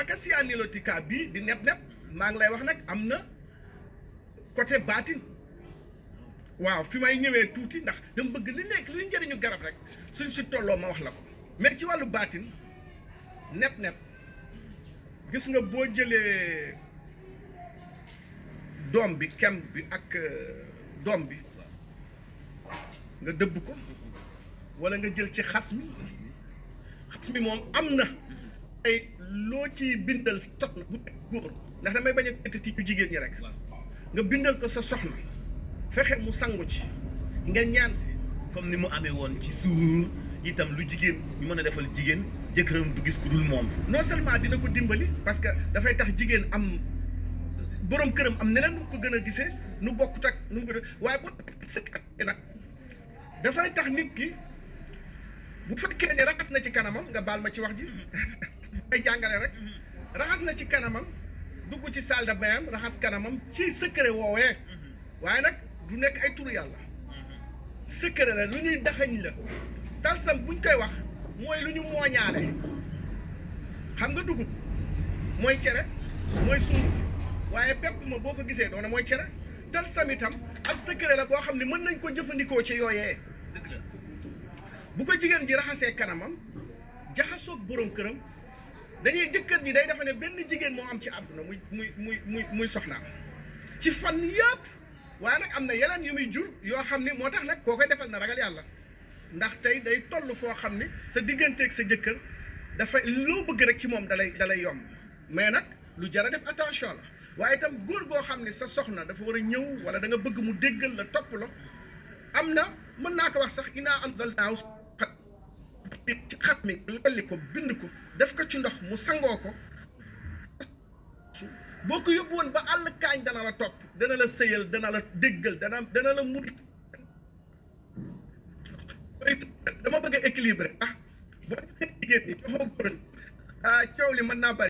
Acacia nilotica bi di nep-nep ma ngi lay wax nak amna côté batin waaw fi may ñëwé tuuti ndax dem bëgg li nekk li njëriñu garab rek suñ ci tolo ma wax la ko mais ci walu batin nep-nep gis nga bo jëlé dom bi kem bi ak euh, dombi bi nga dëbb ko wala nga jël ci khasmi khasmi mom amna tey loo ci bindal soxna bu góor ndax damay bañ a tëtt ci ñu jigéen ñi rek nga bindal ko sa soxna fexe mu sangu ci nga ñaan si comme ni mu amee woon ci suur itam lu jigéen ñu mën a defal jigéen jëkkëram du gis ku dul moom non seulement dina ko dimbali parce que dafay tax jigéen am borom këram am neneen nu ko gën a gisee nu bokkut ak nu mu ko waaye bu sëkkatee nag dafay tax nit ki bu fekkee ne raxas na ci kanamam nga baal ma ci wax ji mm-hmm. day jàngale rek raxas na ci kanamam dugg ci salle de raxas kanamam ci secret woowee waaye nag du nekk ay turu yàlla secret la lu ñuy daxañ la talsam buñ koy wax mooy lu ñu mooñaale xam nga dugub mooy cere mooy sunguf waaye pepp ma boo ko gisee doona mooy cere talsam itam ab secret la boo xam ne mën nañ ko jëfandikoo ci yooyee bu ko jigéen ji raxasee kanamam jaxasoog borom këram dañuy jëkkër ji day defa ne benn jigéen moo am ci àdduna muy muy muy muy muy soxnaam ci fan yëpp waaye nag am na yeneen yu muy jur yoo xam ni moo tax nag koo ko defal na ragal yàlla ndax tey day toll foo xam ni sa diggante digganteeg sa jëkkër dafa loo bëgg rek ci moom dalay dalay yomb mais nag lu jar a def attention la waaye itam góor goo xam ne sa soxna dafa war a ñëw wala da bëgg mu déggal la topp la am na mën naa ko wax sax inaa anzalnaahu bi ci xat mi lalli ko bind ko def ko ci ndox mu sangoo ko boo ko yóbbu woon ba àll kaañ dana la topp dana la sëyal dana la déggal dana dana la murit dama bëgg équilibré ah boo ah, li mën naa bari